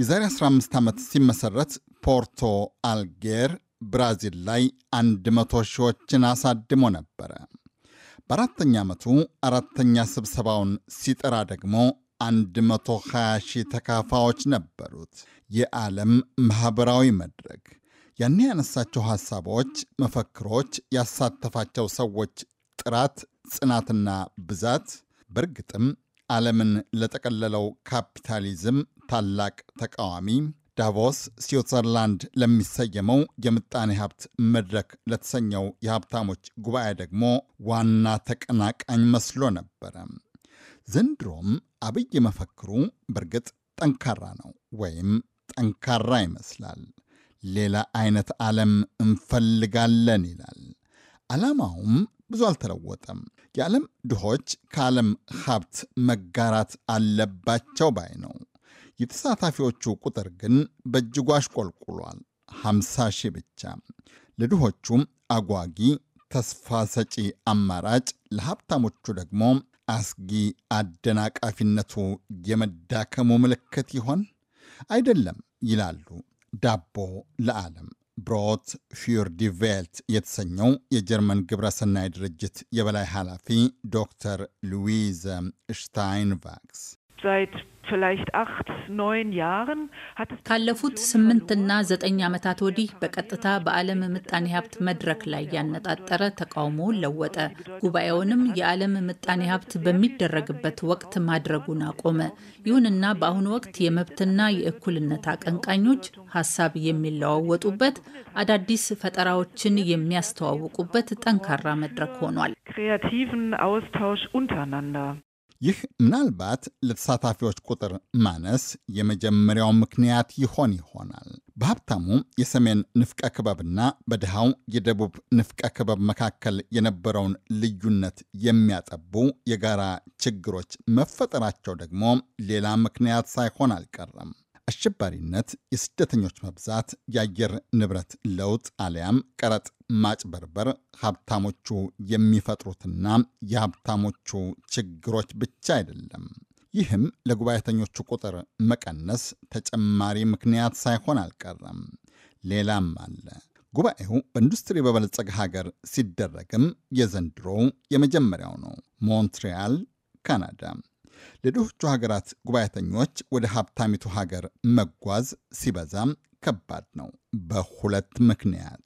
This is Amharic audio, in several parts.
የዛሬ 15 ዓመት ሲመሰረት ፖርቶ አልጌር ብራዚል ላይ 100 ሺዎችን አሳድሞ ነበረ። በአራተኛ ዓመቱ አራተኛ ስብሰባውን ሲጠራ ደግሞ 120 ሺህ ተካፋዎች ነበሩት። የዓለም ማኅበራዊ መድረክ ያኔ ያነሳቸው ሐሳቦች፣ መፈክሮች፣ ያሳተፋቸው ሰዎች ጥራት ጽናትና ብዛት በእርግጥም ዓለምን ለጠቀለለው ካፒታሊዝም ታላቅ ተቃዋሚ፣ ዳቮስ ስዊትዘርላንድ ለሚሰየመው የምጣኔ ሀብት መድረክ ለተሰኘው የሀብታሞች ጉባኤ ደግሞ ዋና ተቀናቃኝ መስሎ ነበረ። ዘንድሮም አብይ መፈክሩ በእርግጥ ጠንካራ ነው ወይም ጠንካራ ይመስላል። ሌላ አይነት ዓለም እንፈልጋለን ይላል። ዓላማውም ብዙ አልተለወጠም። የዓለም ድሆች ከዓለም ሀብት መጋራት አለባቸው ባይ ነው። የተሳታፊዎቹ ቁጥር ግን በእጅጉ አሽቆልቁሏል። 50 ሺህ ብቻ። ለድሆቹም አጓጊ ተስፋ ሰጪ አማራጭ፣ ለሀብታሞቹ ደግሞ አስጊ አደናቃፊነቱ የመዳከሙ ምልክት ይሆን? አይደለም ይላሉ ዳቦ ለዓለም ብሮት ፊር ዲቬልት የተሰኘው የጀርመን ግብረሰናይ ድርጅት የበላይ ኃላፊ ዶክተር ሉዊዝ ሽታይንቫክስ seit ካለፉት ስምንትና ዘጠኝ ዓመታት ወዲህ በቀጥታ በዓለም ምጣኔ ሀብት መድረክ ላይ ያነጣጠረ ተቃውሞውን ለወጠ። ጉባኤውንም የዓለም ምጣኔ ሀብት በሚደረግበት ወቅት ማድረጉን አቆመ። ይሁንና በአሁኑ ወቅት የመብትና የእኩልነት አቀንቃኞች ሀሳብ የሚለዋወጡበት፣ አዳዲስ ፈጠራዎችን የሚያስተዋውቁበት ጠንካራ መድረክ ሆኗል። ይህ ምናልባት ለተሳታፊዎች ቁጥር ማነስ የመጀመሪያው ምክንያት ይሆን ይሆናል። በሀብታሙ የሰሜን ንፍቀ ክበብና በድሃው የደቡብ ንፍቀ ክበብ መካከል የነበረውን ልዩነት የሚያጠቡ የጋራ ችግሮች መፈጠራቸው ደግሞ ሌላ ምክንያት ሳይሆን አልቀረም። አሸባሪነት፣ የስደተኞች መብዛት፣ የአየር ንብረት ለውጥ አሊያም ቀረጥ ማጭበርበር ሀብታሞቹ የሚፈጥሩትና የሀብታሞቹ ችግሮች ብቻ አይደለም። ይህም ለጉባኤተኞቹ ቁጥር መቀነስ ተጨማሪ ምክንያት ሳይሆን አልቀረም። ሌላም አለ። ጉባኤው በኢንዱስትሪ በበለጸገ ሀገር ሲደረግም የዘንድሮው የመጀመሪያው ነው። ሞንትሪያል ካናዳ ለድሆቹ ሀገራት ጉባኤተኞች ወደ ሀብታሚቱ ሀገር መጓዝ ሲበዛም ከባድ ነው በሁለት ምክንያት።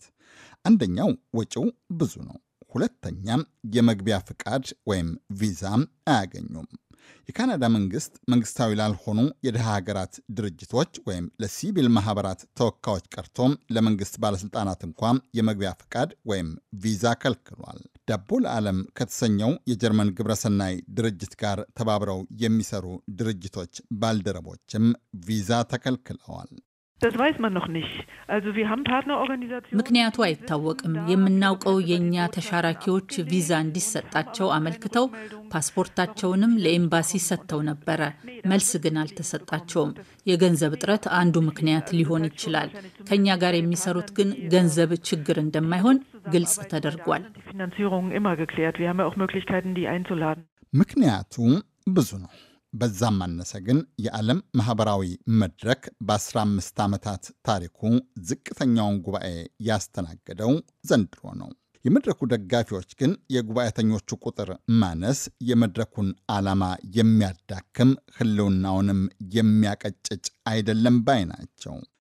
አንደኛው ወጪው ብዙ ነው። ሁለተኛም የመግቢያ ፍቃድ ወይም ቪዛ አያገኙም። የካናዳ መንግስት መንግስታዊ ላልሆኑ የድሃ ሀገራት ድርጅቶች ወይም ለሲቪል ማህበራት ተወካዮች ቀርቶም ለመንግስት ባለሥልጣናት እንኳ የመግቢያ ፍቃድ ወይም ቪዛ ከልክሏል። ዳቦ ለዓለም ከተሰኘው የጀርመን ግብረሰናይ ድርጅት ጋር ተባብረው የሚሰሩ ድርጅቶች ባልደረቦችም ቪዛ ተከልክለዋል። ምክንያቱ አይታወቅም። የምናውቀው የእኛ ተሻራኪዎች ቪዛ እንዲሰጣቸው አመልክተው ፓስፖርታቸውንም ለኤምባሲ ሰጥተው ነበረ። መልስ ግን አልተሰጣቸውም። የገንዘብ እጥረት አንዱ ምክንያት ሊሆን ይችላል። ከእኛ ጋር የሚሰሩት ግን ገንዘብ ችግር እንደማይሆን ግልጽ ተደርጓል። ምክንያቱ ብዙ ነው። በዛም ማነሰ ግን የዓለም ማኅበራዊ መድረክ በ15 ዓመታት ታሪኩ ዝቅተኛውን ጉባኤ ያስተናገደው ዘንድሮ ነው። የመድረኩ ደጋፊዎች ግን የጉባኤተኞቹ ቁጥር ማነስ የመድረኩን ዓላማ የሚያዳክም ሕልውናውንም የሚያቀጭጭ አይደለም ባይ ናቸው።